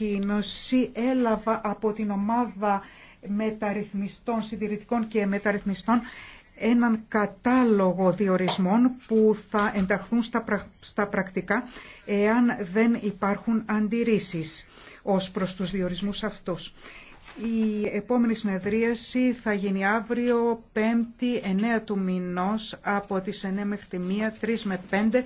ανακοίνωση έλαβα από την ομάδα μεταρρυθμιστών, συντηρητικών και μεταρρυθμιστών έναν κατάλογο διορισμών που θα ενταχθούν στα, στα πρακτικά εάν δεν υπάρχουν αντιρρήσεις ως προς τους διορισμούς αυτούς. Η επόμενη συνεδρίαση θα γίνει αύριο 5η 9 του μηνός από τις 9 μέχρι τη 1, 3 με 5.